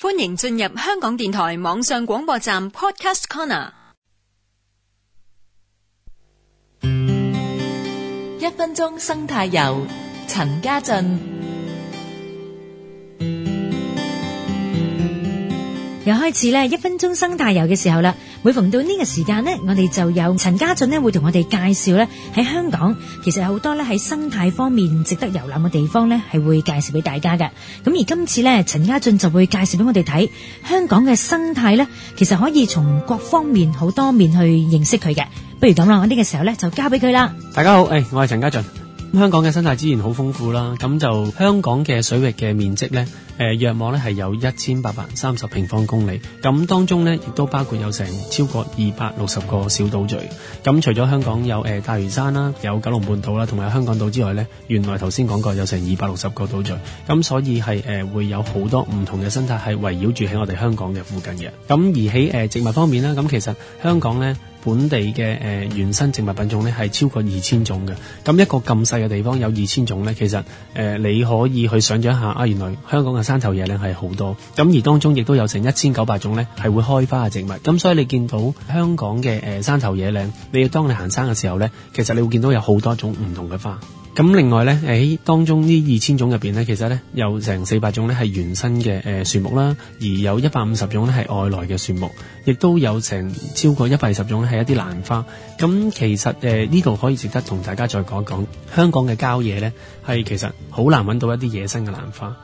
歡迎進入香港電台網上廣播站 Podcast Corner，一分鐘生態遊，陳家俊。又開始咧，一分鐘生態遊嘅時候啦。每逢到呢個時間呢，我哋就有陳家俊呢會同我哋介紹咧喺香港，其實有好多咧喺生態方面值得遊覽嘅地方呢，係會介紹俾大家嘅。咁而今次呢，陳家俊就會介紹俾我哋睇香港嘅生態呢，其實可以從各方面好多面去認識佢嘅。不如咁啦，我呢個時候呢，就交俾佢啦。大家好，誒，我係陳家俊。香港嘅生態資源好豐富啦，咁就香港嘅水域嘅面積呢，誒約莫呢係有一千八百三十平方公里，咁當中呢，亦都包括有成超過二百六十個小島嶼。咁除咗香港有誒大嶼山啦，有九龍半島啦，同埋香港島之外呢，原來頭先講過有成二百六十個島嶼，咁所以係誒會有好多唔同嘅生態係圍，圍繞住喺我哋香港嘅附近嘅。咁而喺誒植物方面呢，咁其實香港呢。本地嘅誒、呃、原生植物品種咧係超過二千種嘅，咁一個咁細嘅地方有二千種呢，其實誒、呃、你可以去想象一下啊，原來香港嘅山頭野嶺係好多，咁而當中亦都有成一千九百種呢，係會開花嘅植物，咁所以你見到香港嘅誒、呃、山頭野嶺，你要當你行山嘅時候呢，其實你會見到有好多種唔同嘅花。咁另外咧，喺當中呢二千種入邊咧，其實咧有成四百種咧係原生嘅誒樹木啦，而有一百五十種咧係外來嘅樹木，亦都有成超過一百二十種係一啲蘭花。咁其實誒呢度可以值得同大家再講一講講，香港嘅郊野咧係其實好難揾到一啲野生嘅蘭花。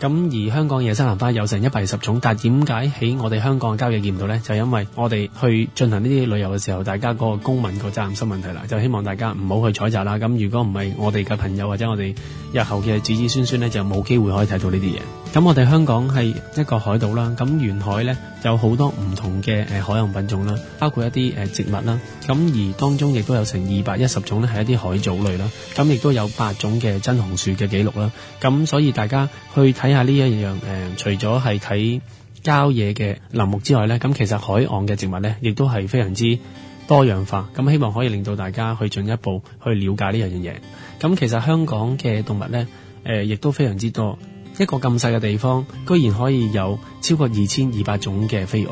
咁而香港野生蘭花有成一百二十種，但係點解喺我哋香港交易見唔到呢？就係因為我哋去進行呢啲旅遊嘅時候，大家嗰個公民個責任心問題啦，就希望大家唔好去採集啦。咁如果唔係，我哋嘅朋友或者我哋日後嘅子子孫孫呢，就冇機會可以睇到呢啲嘢。咁我哋香港係一個海島啦，咁沿海呢。有好多唔同嘅誒海洋品種啦，包括一啲誒植物啦，咁而當中亦都有成二百一十種咧，係一啲海藻類啦，咁亦都有八種嘅真紅樹嘅記錄啦，咁所以大家去睇下呢一樣誒，除咗係睇郊野嘅林木之外呢，咁其實海岸嘅植物呢，亦都係非常之多樣化，咁希望可以令到大家去進一步去了解呢樣嘢。咁其實香港嘅動物呢，誒亦都非常之多。一個咁細嘅地方，居然可以有超過二千二百種嘅飛蛾，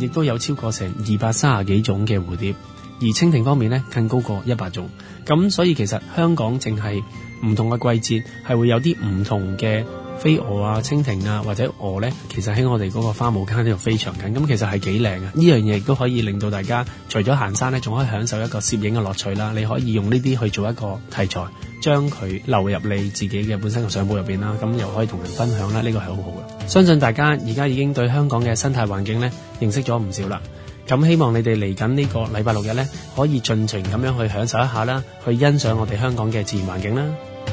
亦都有超過成二百三十幾種嘅蝴蝶，而蜻蜓方面呢，更高過一百種。咁所以其實香港淨係唔同嘅季節係會有啲唔同嘅。飛蛾啊、蜻蜓啊或者蛾呢，其實喺我哋嗰個花木間呢度飛翔緊，咁其實係幾靚嘅。呢樣嘢亦都可以令到大家除咗行山呢，仲可以享受一個攝影嘅樂趣啦。你可以用呢啲去做一個題材，將佢流入你自己嘅本身嘅相簿入邊啦，咁又可以同人分享啦。呢個係好好嘅。相信大家而家已經對香港嘅生態環境呢認識咗唔少啦。咁希望你哋嚟緊呢個禮拜六日呢，可以盡情咁樣去享受一下啦，去欣賞我哋香港嘅自然環境啦。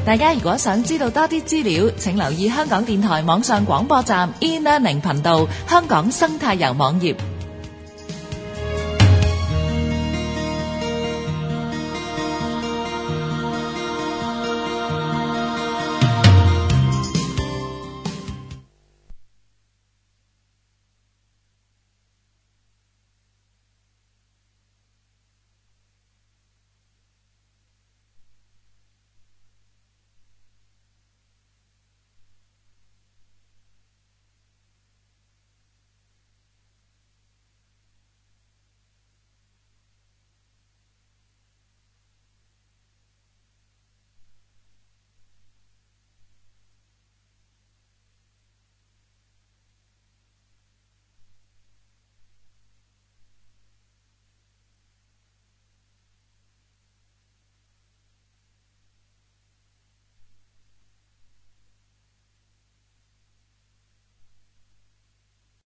大家如果想知道多啲資料，請留意香港電台網上廣播站 eLearning 頻道《香港生態遊》網頁。